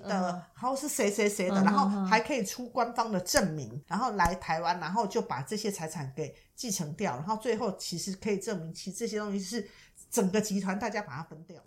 的，嗯、然後是誰誰誰的，嗯、然後還可以出官方的證明，嗯、然後來台灣，然後就把這些財產給繼承掉，然後最後其實可以證明，其實這些東西是整個集團大家把它分掉。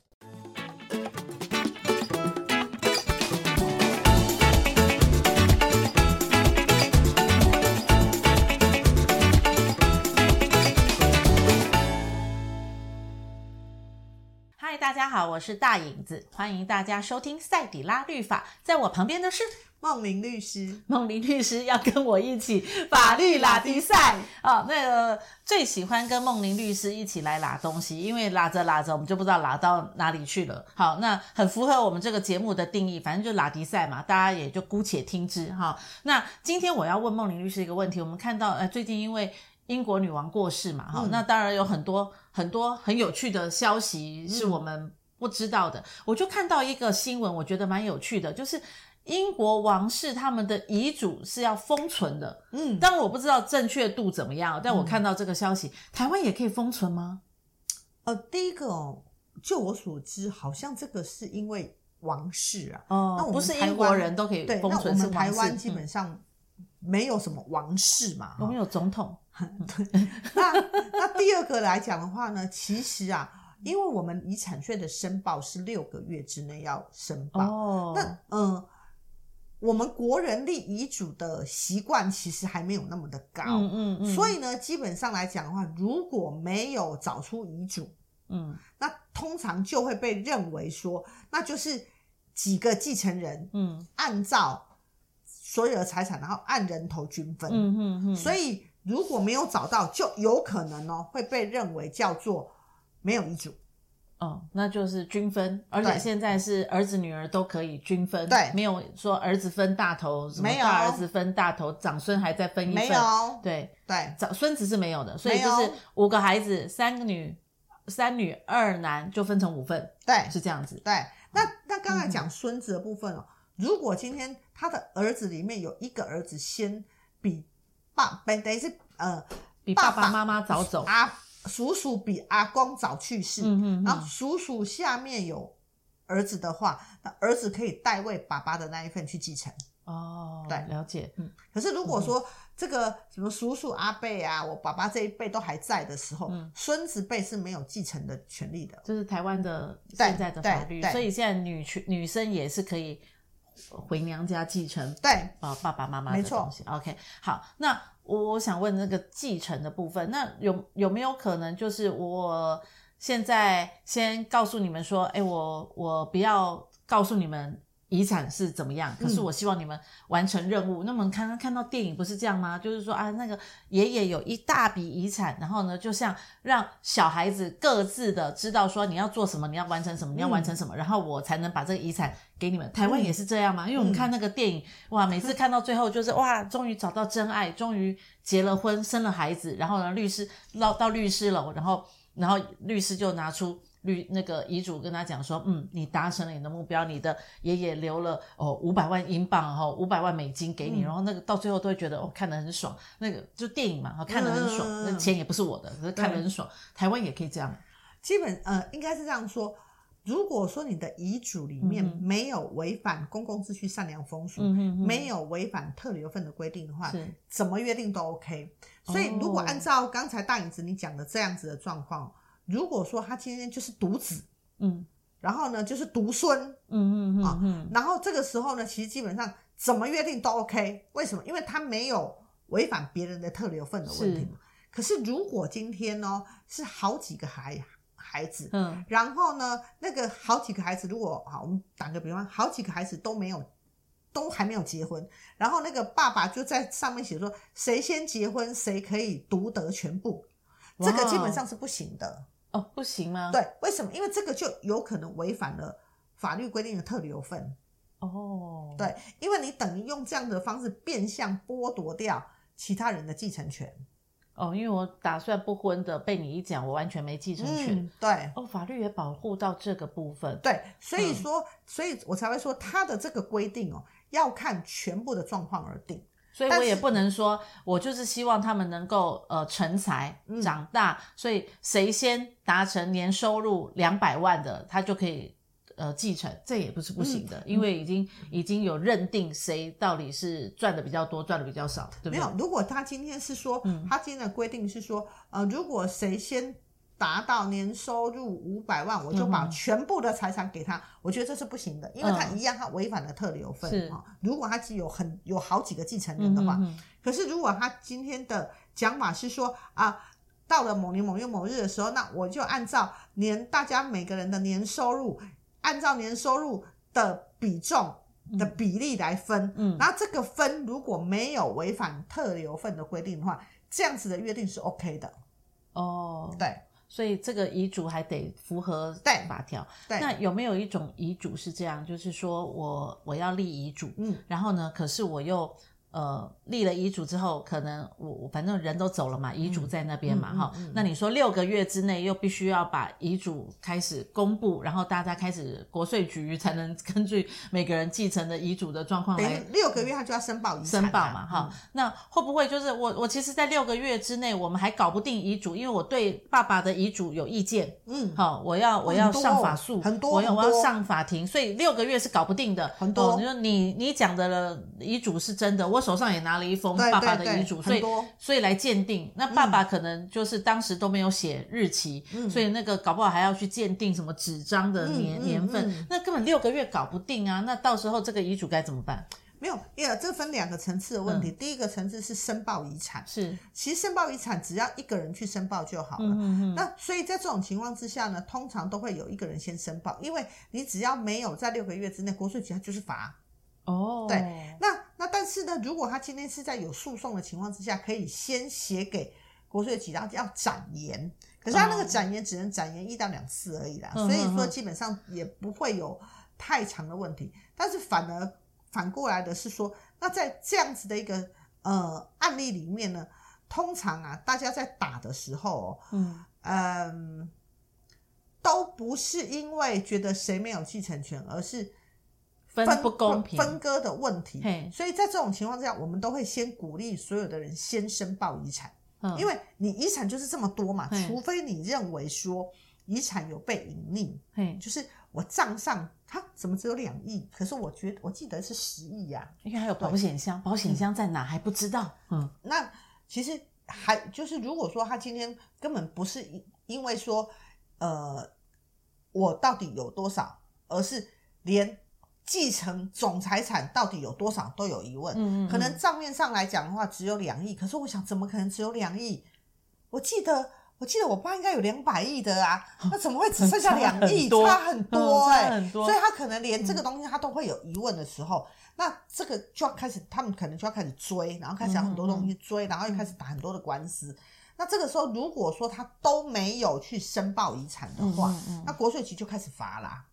嗨，大家好，我是大影子，歡迎大家收聽《賽底拉律法》。在我旁邊的是夢林律師，夢林律師要跟我一起法律拉迪賽啊、哦！那個、呃、最喜歡跟夢林律師一起來拉東西，因為拉着拉着，我們就不知道拉到哪裡去了。好，那很符合我們這個節目的定義，反正就拉迪賽嘛，大家也就姑且聽之哈。那今天我要問夢林律師一個問題，我們看到呃，最近因為。英國女王過世嘛，哈、嗯，那當然有很多很多很有趣的消息是我們不知道的。嗯、我就看到一個新聞，我覺得蠻有趣的，就是英國王室他們的遺囑是要封存的。嗯，但我不知道正確度怎麼樣，嗯、但我看到這個消息，台灣也可以封存嗎？呃，第一個、哦，就我所知，好像這個是因為王室啊，哦、那我不是英國人都可以封存，是王室，台灣基本上沒有什麼王室嘛，嗯、我們有總統。 對，那那第二個來講的話呢， 其實啊，因為我們遺產稅的申報是六個月之內要申報，哦、那嗯、呃，我們國人立遺囑的習慣其實還沒有那麼的高，嗯，嗯，嗯，所以呢，基本上來講的話，如果沒有找出遺囑，嗯，那通常就會被認為說，那就是幾個繼承人，嗯，按照所有的財產，然後按人頭均分，嗯哼哼，所以。如果沒有找到，就有可能哦，會被認為叫做沒有遺囑，哦，那就是均分。而且現在是兒子女兒都可以均分。對，沒有說兒子分大頭，沒有兒子分大頭，有長孫還在分一份。沒有，對對，對長孫子是沒有的，所以就是五個孩子，有三個女，三女二男就分成五份。對，是這樣子。對，那那剛才講孫子的部分哦，嗯、哼如果今天他的兒子裡面有一個兒子先比爸，等於是呃，比爸爸媽媽早走。阿、啊、叔叔比阿公早去世，嗯哼哼，然後叔叔下面有兒子的話，那兒子可以代位爸爸的那一份去繼承。哦，對，了解。嗯，可是如果說、嗯、這個什麼叔叔阿伯啊，我爸爸這一輩都還在的時候，嗯、孫子輩是沒有繼承的權利的。就是台灣的現在的法律，對對對，所以現在女女生也是可以。回娘家繼承對，啊，爸爸媽媽的東西沒錯，OK 好，那我我想問那個繼承的部分，那有有沒有可能就是我現在先告訴你們說，哎，我我不要告訴你們。遺產是怎麼樣？可是我希望你們完成任務。嗯、那我們剛剛看到電影不是這樣嗎？就是說啊，那個爺爺有一大筆遺產，然後呢，就像讓小孩子各自的知道說你要做什麼，你要完成什麼，嗯、你要完成什麼，然後我才能把這個遺產給你們。台灣也是這樣嗎？因為我們看那個電影，嗯、哇，每次看到最後就是哇，終於找到真愛，終於結了婚，生了孩子，然後呢，律師到到律師樓，然後然後律師就拿出。律那個遺囑跟他講說，嗯，你達成了你的目標，你的爺爺留了哦五百萬英鎊哈，哦、五百萬美金給你，嗯、然後那個到最後都會覺得哦看得很爽，那個就電影嘛，看得很爽，嗯、那錢也不是我的，嗯、可是看得很爽。對台灣也可以這樣，基本呃應該是這樣說，如果說你的遺囑裡面沒有違反公共秩序善良風俗，嗯嗯嗯嗯、沒有違反特留份的規定的話，是怎麼約定都 OK。哦、所以如果按照剛才大影子你講的這樣子的狀況。如果說他今天就是獨子，嗯，然後呢就是獨孫，嗯嗯嗯、啊、然後這個時候呢，其實基本上怎麼約定都 OK。為什麼？因為他沒有違反別人的特留份的問題嘛。是。可是如果今天呢是好幾個孩孩子，嗯，然後呢那個好幾個孩子，如果啊，我們打個比方，好幾個孩子都沒有，都還沒有結婚，然後那個爸爸就在上面寫說，誰先結婚誰可以獨得全部，這個基本上是不行的。哦，不行嗎？對，為什麼？因為這個就有可能違反了法律規定的特留份。哦，對，因為你等於用這樣的方式變相剝奪掉其他人的繼承權。哦，因為我打算不婚的，被你一講，我完全沒繼承權。嗯、對，哦，法律也保護到這個部分。對，所以說，嗯、所以我才會說，他的這個規定哦，要看全部的狀況而定。所以我也不能說，是我就是希望他們能夠呃成才、嗯、長大。所以誰先達成年收入兩百萬的，他就可以呃繼承，這也不是不行的，嗯、因為已經已經有認定誰到底是賺的比較多，賺的比較少，對不對？沒有，如果他今天是說，他今天的規定是說，呃，如果誰先。達到年收入五百萬，我就把全部的財產給他，嗯、哼我覺得這是不行的，因為他一樣，嗯、他違反了特留份是、哦、如果他只有很有好幾個繼承人的話，嗯、哼哼可是如果他今天的講法是說啊，到了某年某月某日的時候，那我就按照年大家每個人的年收入，按照年收入的比重、嗯、的比例來分，那、嗯、然後這個分如果沒有違反特留份的規定的話，這樣子的約定是 OK 的，哦，對。所以這個遺囑還得符合法條。那有沒有一種遺囑是這樣？就是說我我要立遺囑，嗯，然後呢，可是我又。呃，立了遺囑之後，可能我反正人都走了嘛，嗯、遺囑在那邊嘛，哈、嗯。嗯嗯、那你說六個月之內又必須要把遺囑開始公布，然後大家開始國稅局才能根據每個人繼承的遺囑的狀況來。六個月他就要申報遺囑、啊。申報嘛，哈、嗯。那會不會就是我我其實，在六個月之內，我們還搞不定遺囑，因為我對爸爸的遺囑有意見。嗯，好，我要我要上法訴，很多我，我要上法庭，所以六個月是搞不定的。很多，哦、你說你你講的了遺囑是真的，我。手上也拿了一封爸爸的遺囑，對對對，所以多所以來鑑定。那爸爸可能就是當時都沒有寫日期，嗯、所以那個搞不好還要去鑑定什麼紙張的年年份，嗯嗯嗯、那根本六個月搞不定啊！那到時候這個遺囑該怎麼辦？沒有，也這分兩個層次的問題。嗯、第一個層次是申報遺產，是其實申報遺產只要一個人去申報就好了。嗯嗯嗯，那所以在這種情況之下呢，通常都會有一個人先申報，因為你只要沒有在六個月之內，國稅局他就是罰哦。對，那。但是呢，如果他今天是在有訴訟的情況之下，可以先寫給國稅局，他要展延，可是他那個展延只能展延一到兩次而已啦，嗯、哼哼所以說基本上也不會有太長的問題。但是反而反過來的是說，那在這樣子的一個呃案例裡面呢，通常啊，大家在打的時候，哦，嗯、呃，都不是因為覺得誰沒有繼承權，而是。分不公平分，分割的問題，嘿所以在這種情況之下，我們都會先鼓勵所有的人先申報遺產，嗯、因為你遺產就是這麼多嘛，嘿除非你認為說遺產有被隱匿，嘿就是我賬上他怎麼只有兩億，可是我覺得我記得是十億呀，因為還有保險箱，對保險箱在哪還不知道，嗯，嗯那其實還就是如果說他今天根本不是因為說呃我到底有多少，而是連。繼承總財產到底有多少都有疑問，嗯嗯，可能賬面上來講的話只有兩億，可是我想怎麼可能只有兩億？我記得我記得我爸應該有兩百億的啊，那怎麼會只剩下兩億？差很多，差很多，欸、差很多，所以他可能連這個東西他都會有疑問的時候，嗯、那這個就要開始，他們可能就要開始追，然後開始要很多東西追，嗯嗯然後又開始打很多的官司。那這個時候如果說他都沒有去申報遺產的話，嗯嗯嗯嗯那國稅局就開始罰啦。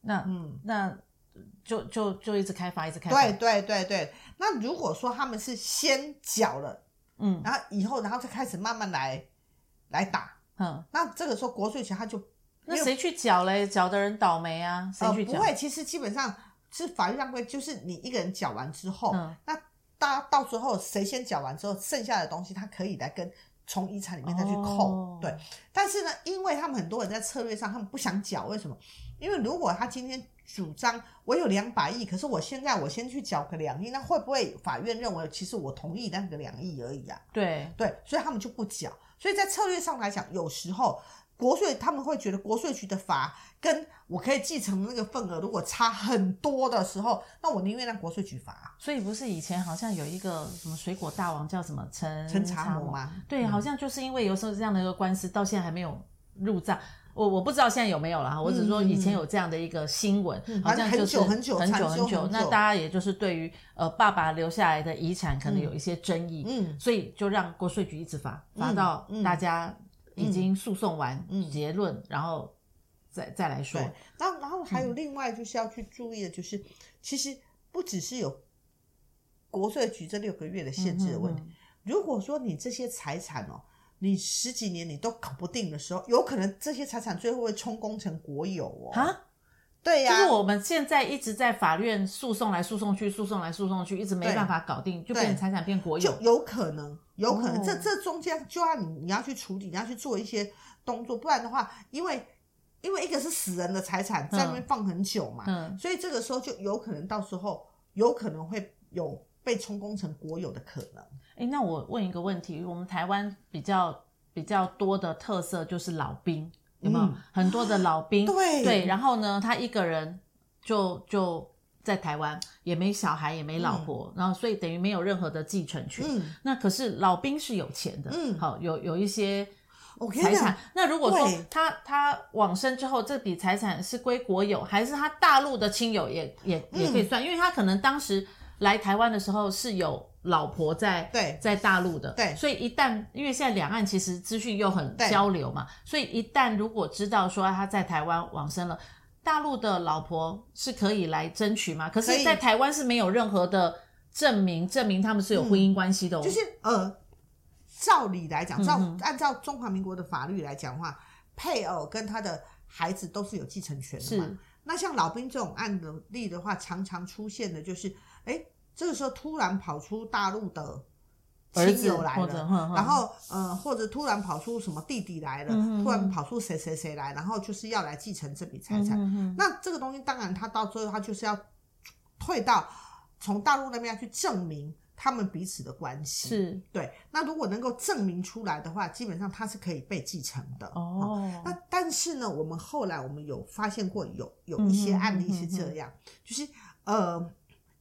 那嗯那。嗯那就就就一直開發，一直開發。對對對對，那如果說他們是先繳了，嗯，然後以後，然後再開始慢慢來，來打，嗯，那這個時候國稅局他就那誰去繳嘞？繳的人倒霉啊，誰去、呃、不會，其實基本上是法律上規就是你一個人繳完之後，嗯、那大家到時候誰先繳完之後，剩下的東西他可以來跟從遺產裡面再去扣，哦、對。但是呢，因為他們很多人在策略上，他們不想繳，為什麼？因為如果他今天。主張我有兩百億，可是我現在我先去繳個兩億，那會不會法院認為其實我同意那個兩億而已啊？對對，所以他們就不繳。所以在策略上來講，有時候國稅他們會覺得國稅局的罰跟我可以繼承的那個份額如果差很多的時候，那我寧願讓國稅局罰。所以不是以前好像有一個什麼水果大王叫什麼陳陳查某嗎？對，好像就是因為有時候這樣的一個官司、嗯、到現在還沒有入賬。我我不知道現在有沒有了哈，我只是說以前有這樣的一個新聞，嗯、好像就是很久很久很久很久，那大家也就是對於呃爸爸留下來的遺產可能有一些爭議，嗯，所以就讓國稅局一直罰，罰到大家已經訴訟完結論，嗯嗯、然後再再來說。那然後還有另外就是要去注意的就是，其實不只是有國稅局這六個月的限制的問題，嗯嗯嗯、如果說你這些財產哦。你十幾年你都搞不定的時候，有可能這些財產最後會充公成國有哦。哈蛤，對呀、啊，就是我們現在一直在法院訴訟來訴訟去，訴訟來訴訟去，一直沒辦法搞定，對就變財產對變國有，就有可能，有可能，哦、這這中間就要你你要去處理，你要去做一些動作，不然的話，因為因為一個是死人的財產在那邊放很久嘛，嗯，嗯所以這個時候就有可能到時候有可能會有。被充公成國有的可能？哎、欸，那我問一個問題：我們台灣比較比較多的特色就是老兵，嗯、有沒有很多的老兵？對、嗯、對，然後呢，他一個人就就在台灣，也沒小孩，也沒老婆，嗯、然後所以等於沒有任何的繼承權。嗯、那可是老兵是有錢的，嗯，好有有一些財產。okay. 那如果說他對他往生之後，這筆財產是歸國有，還是他大陸的親友也也、嗯、也可以算？因為他可能當時。來台灣的時候是有老婆在對在大陸的，對所以一旦因為現在兩岸其實資訊又很交流嘛，對所以一旦如果知道說他在台灣往生了，大陸的老婆是可以來爭取嗎？可是，在台灣是沒有任何的證明，以證明他們是有婚姻關係的、嗯。就是呃，照理來講，照按照中華民國的法律來講的話，嗯、哼配偶跟他的孩子都是有繼承權的嘛。是那像老兵這種案例的話，常常出現的就是。哎，這個時候突然跑出大陸的親友來了，哼哼然後呃，或者突然跑出什麼弟弟來了，嗯、哼突然跑出誰誰誰來，然後就是要來繼承這筆財產。嗯、哼那這個東西當然，他到最後他就是要退到從大陸那邊要去證明他們彼此的關係。是。對。那如果能夠證明出來的話，基本上他是可以被繼承的。哦、嗯，那但是呢，我們後來我們有發現過有有一些案例是這樣，嗯、哼就是呃。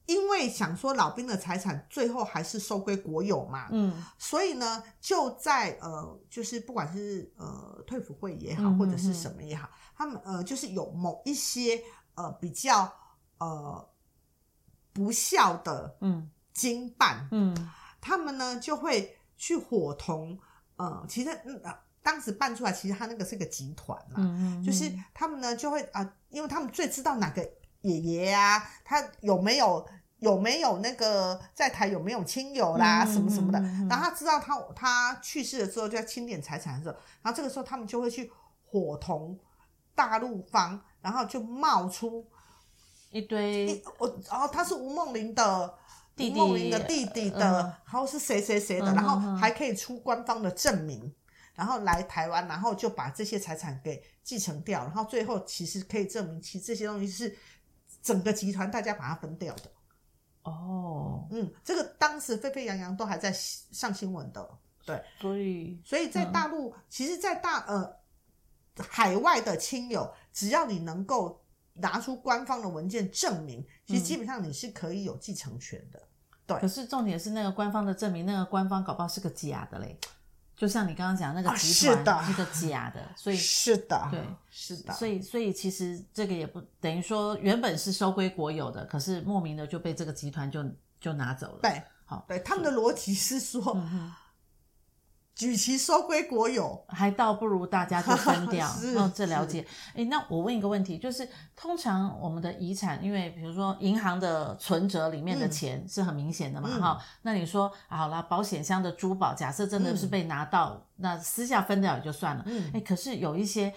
因為想說老兵的財產最後還是收歸國有嘛，嗯，所以呢，就在呃，就是不管是呃退輔會也好，或者是什麼也好，嗯、哼他們呃就是有某一些呃比較呃不孝的嗯，嗯，經辦，嗯，他們呢就會去夥同，呃，其實、嗯呃、當時辦出來，其實他那個是個集團嘛，嗯哼就是他們呢就會啊、呃，因為他們最知道哪個。爺爺啊，他有沒有有沒有那個在台有沒有親友啦、嗯、什麼什麼的。嗯嗯、然後他知道他他去世了之後就要清點財產的時候，然後這個時候他們就會去夥同大陸方，然後就冒出一,一堆一我，然、哦、後他是吳孟玲的弟弟吳孟玲的弟弟的，嗯、然後是誰誰誰的，嗯、然後還可以出官方的證明，然後來台灣，然後就把這些財產給繼承掉，然後最後其實可以證明，其實這些東西是。整個集團大家把它分掉的，哦，oh. 嗯，這個當時沸沸揚揚，都還在上新聞的，對，所以所以在大陸，嗯、其實，在大呃海外的親友，只要你能夠拿出官方的文件證明，其實基本上你是可以有繼承權的，嗯、對。可是重點是那個官方的證明，那個官方搞不好是個假的嘞。就像你剛剛講那個集團是個假的，所以是的，對，是的，所以所以其實這個也不等於說原本是收歸國有的，可是莫名的就被這個集團就就拿走了。對，好，對，他們的邏輯是說。與其收歸國有，還倒不如大家就分掉，然 是、哦、這了解。誒那我問一個問題，就是通常我們的遺產，因為比如說，銀行的存折裡面的錢是很明顯的嘛，哈、嗯。那你說、啊、好啦，保險箱的珠寶，假設真的是被拿到，嗯、那私下分掉也就算了。哎、嗯，可是有一些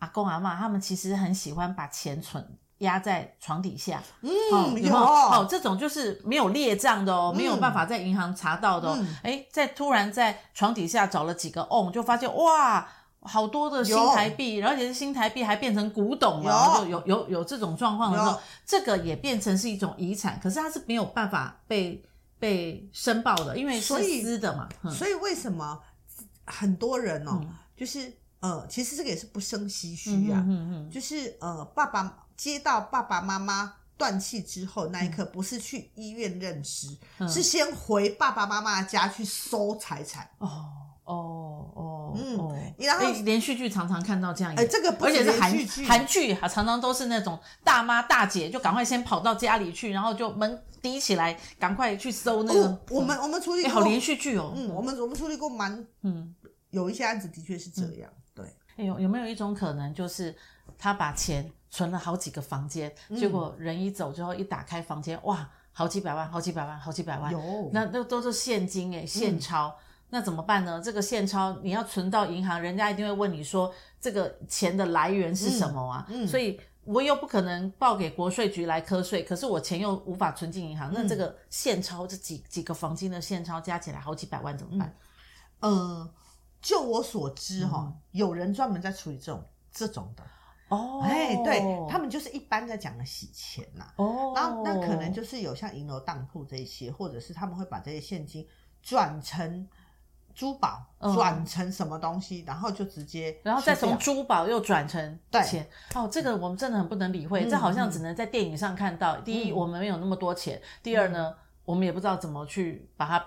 阿公阿媽，他們其實很喜歡把錢存壓在床底下，嗯，有哦，這種就是沒有列賬的哦，沒有辦法在銀行查到的哦。哎，在突然在床底下找了幾個哦，就發現哇，好多的新台幣，而且新台幣還變成古董了，就有有有這種狀況的時候，這個也變成是一種遺產，可是它是沒有辦法被被申報的，因為是私的嘛。所以為什麼很多人哦，就是。呃，其實這個也是不生唏噓啊，就是呃，爸爸接到爸爸媽媽斷氣之後那一刻，不是去醫院認屍，是先回爸爸媽媽家去搜財產。哦哦哦，嗯，然後連續劇常常看到這樣，哎，這個而且是韓劇。韓劇啊，常常都是那種大媽大姐就趕快先跑到家裡去，然後就門一起來，趕快去搜那個。我們我們處理過好連續劇哦，嗯，我們我們處理過蠻嗯，有一些案子的確是這樣。哎有有沒有一種可能，就是他把錢存了好幾個房間，嗯、結果人一走之後，一打開房間，哇，好幾百萬，好幾百萬，好幾百萬。有那那都,都是現金哎，現鈔。嗯、那怎麼辦呢？這個現鈔你要存到銀行，人家一定會問你說這個錢的來源是什麼啊？嗯。嗯所以我又不可能報給國稅局來課稅，可是我錢又無法存進銀行，嗯、那這個現鈔這幾幾個房間的現鈔加起來好幾百萬，怎麼辦？嗯。呃就我所知、哦，哈、嗯，有人專門在處理這種這種的，哦，哎，對，他們就是一般在講的洗錢吶、啊，哦，然後那可能就是有像銀樓、當鋪這一些，或者是他們會把這些現金轉成珠寶，轉、嗯、成什麼東西，然後就直接，然後再從珠寶又轉成錢。對哦，這個我們真的很不能理會，嗯、這好像只能在電影上看到。嗯、第一，我們沒有那麼多錢；第二呢，嗯、我們也不知道怎麼去把它。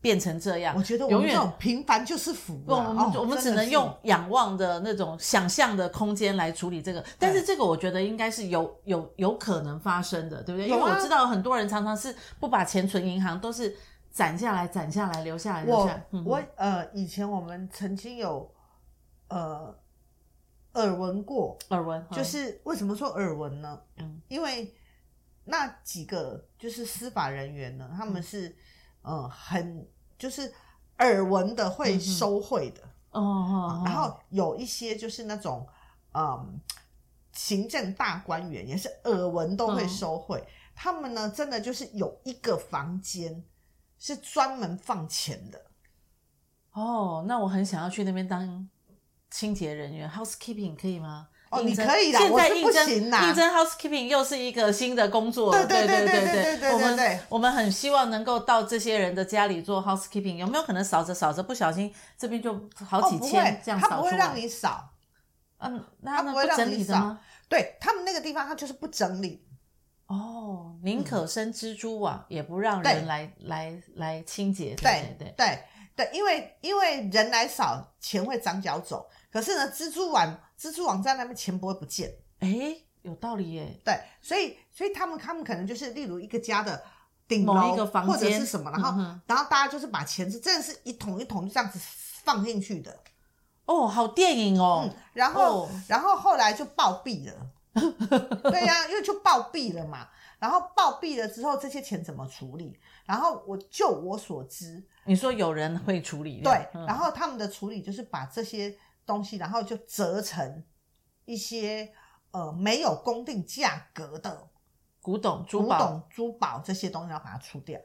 變成這樣，我覺得永遠平凡就是福、啊遠哦，我們就。我們只能用仰望的那種想象的空間來處理這個。對但是這個我覺得應該是有有有可能發生的，對不對？對因為我知道很多人常常是不把錢存銀行，都是攢下來攢下來，攢下來留下來。我留下來我，我呃，以前我們曾經有呃耳聞過，耳聞就是為什麼說耳聞呢？嗯，因為那幾個就是司法人員呢，嗯、他們是。嗯，很就是耳聞的會收賄的哦、嗯 oh, oh, oh. 嗯，然後有一些就是那種嗯，行政大官員也是耳聞都會收賄，oh. 他們呢真的就是有一個房間是專門放錢的。哦，oh, 那我很想要去那邊當清潔人員，housekeeping 可以嗎？哦，你可以啦，現在應徵應徵 housekeeping 又是一個新的工作，對對對對對，對，對我們對對對對我們很希望能夠到這些人的家裡做 housekeeping，有沒有可能掃着掃着不小心這邊就好幾千這樣掃出來？哦、不，他不會讓你掃，嗯、啊，那他們不，不會讓你掃，對他們那個地方他就是不整理，哦，寧可生蜘蛛網、啊嗯、也不讓人來對來來清潔，對對對。對對對，因為因為人來少，錢會長腳走。可是呢，蜘蛛網，蜘蛛網在那邊，錢不會不見。哎，有道理耶。對，所以所以他們他們可能就是，例如一個家的頂樓某一個房或者是什麼，然後、嗯、哼然後大家就是把錢是真的是一桶一桶這樣子放進去的。哦，好電影哦。嗯、然後、哦、然後後來就暴斃了。 對呀、啊，因為就暴斃了嘛。然後暴斃了之後，這些錢怎麼處理？然後我就我所知，你說有人會處理，對。然後他們的處理就是把這些東西，然後就折成一些呃，沒有公定價格的古董、珠寶、古董珠寶這些東西，要把它出掉。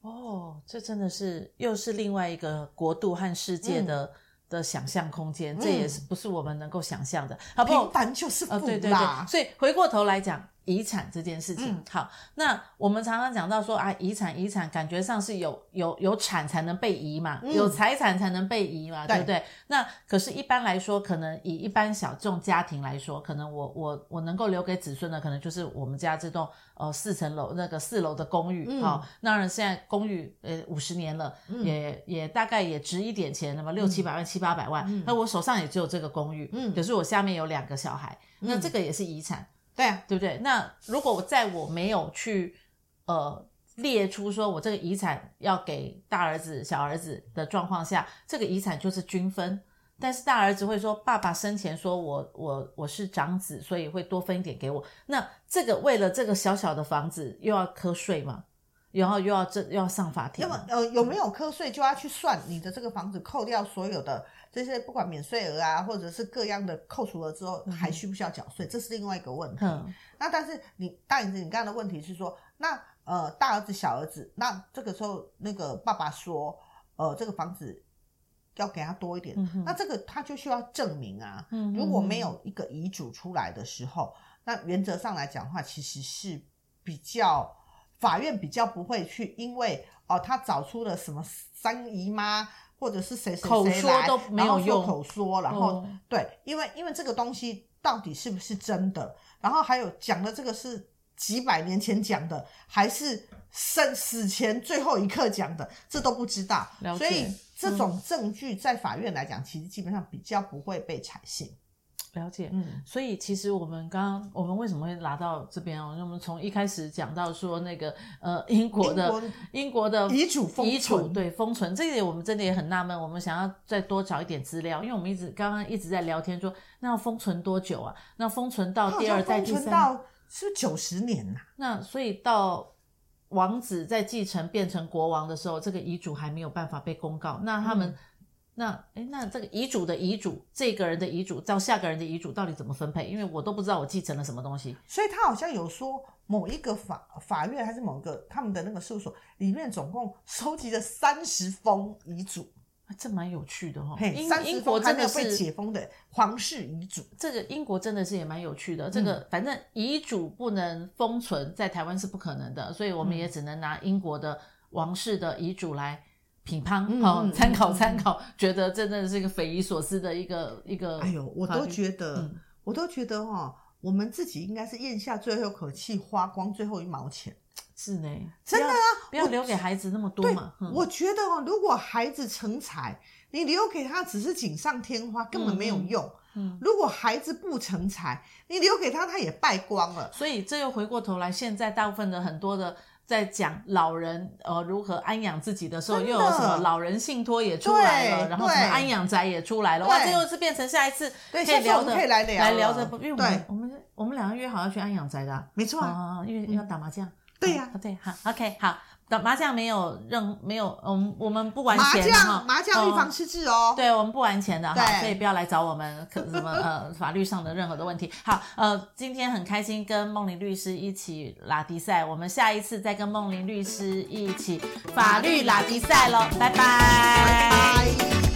哦，這真的是又是另外一個國度和世界的、嗯、的想象空間，這也是不是我們能夠想象的。平凡，就是不啦、哦對對對。所以回過頭來講。遺產這件事情，好，那我們常常講到說啊，遺產遺產，感覺上是有有有產才能被遺嘛，有財產才能被遺嘛，對不對？那可是，一般來說，可能以一般小眾家庭來說，可能我我我能夠留給子孫的，可能就是我們家這棟呃四層樓那個四樓的公寓，好，那當然現在公寓呃五十年了，也也大概也值一點錢，那麼六七百萬七八百萬，那我手上也只有這個公寓，嗯，可是我下面有兩個小孩，那這個也是遺產。對啊，對不對？那如果我在我沒有去，呃，列出說我這個遺產要給大兒子、小兒子的狀況下，這個遺產就是均分。但是大兒子會說，爸爸生前說我，我我是長子，所以會多分一點給我。那這個為了這個小小的房子又要課稅嗎？然後又要這又要上法庭？那麼呃有沒有課稅就要去算你的這個房子扣掉所有的。這些不管免稅額啊，或者是各樣的扣除了之後，嗯、哼還需不需要繳稅？這是另外一個問題。嗯、哼那但是你大影子，你剛剛的問題是說，那呃大兒子、小兒子，那這個時候那個爸爸說，呃這個房子要給他多一點，嗯、哼那這個他就需要證明啊。如果沒有一個遺囑出來的時候，嗯、哼那原則上來講的話，其實是比較法院比較不會去，因為哦、呃、他找出了什麼三姨媽。或者是誰誰誰來，都沒有用，說口說，然後、哦、對，因為因為這個東西到底是不是真的？然後還有講的這個是幾百年前講的，還是生死前最後一刻講的，這都不知道。了解、所以這種證據在法院來講，嗯、其實基本上比較不會被採信。了解，嗯，所以其實我們剛剛，我們為什麼會拿到這邊哦？那我們從一開始講到說那個呃，英國的英國的，英國的遺囑封存，遺囑，對，封存，這一點我們真的也很納悶。我們想要再多找一點資料，因為我們一直剛剛一直在聊天說，那要封存多久啊？那封存到第二代、第三代是不是九十年吶、啊。那所以到王子在繼承變成國王的時候，這個遺囑還沒有辦法被公告。那他們。嗯那誒，那這個遺囑的遺囑，這個人的遺囑，到下個人的遺囑到底怎麼分配？因為我都不知道我繼承了什麼東西。所以他好像有說，某一個法法院還是某個他們的那個事務所裡面總共收集了三十封遺囑，這蠻有趣的哈、哦。英英國真的是，真的是，被解封的皇室遺囑，這個英國真的是也蠻有趣的。嗯、這個反正遺囑不能封存，在台灣是不可能的，所以我們也只能拿英國的王室的遺囑來。嗯評判好，參考參考，覺得真的是一個匪夷所思的一個一個。哎呦，我都覺得，我都覺得哈、哦，我們自己應該是咽下最後口氣，花光最後一毛錢。是呢，真的啊不，不要留給孩子那麼多嘛。我,嗯、我覺得哦，如果孩子成才，你留給他只是錦上添花，根本沒有用。嗯嗯、如果孩子不成才，你留給他，他也敗光了。所以這又回過頭來，現在大部分的很多的。在講老人呃如何安養自己的時候，的又有什麼老人信托也出來了，對然後什麼安養宅也出來了，哇對，啊、這又是變成下一次可以聊的，來聊着。因為我們對我們我們兩個約好，要去安養宅的，沒錯啊，因為、啊哦、要打麻將。嗯、對呀、啊嗯，對，好，OK，好。麻將沒有任，沒有，我們我們不玩錢哈。麻將麻將預防失智哦，嗯、對我們不玩錢的哈，對所以不要來找我們可什麼呃法律上的任何的問題。好，呃，今天很開心跟夢玲律師一起拉迪賽，我們下一次再跟夢玲律師一起法律拉迪賽嘍，拜拜。拜拜。